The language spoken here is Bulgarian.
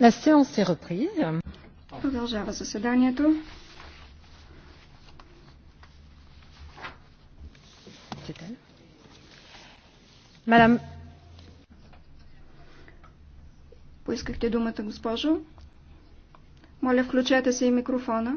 La séance est reprise. Продължава заседанието. Мадам. Поискахте думата, госпожо. Моля, включете се и микрофона.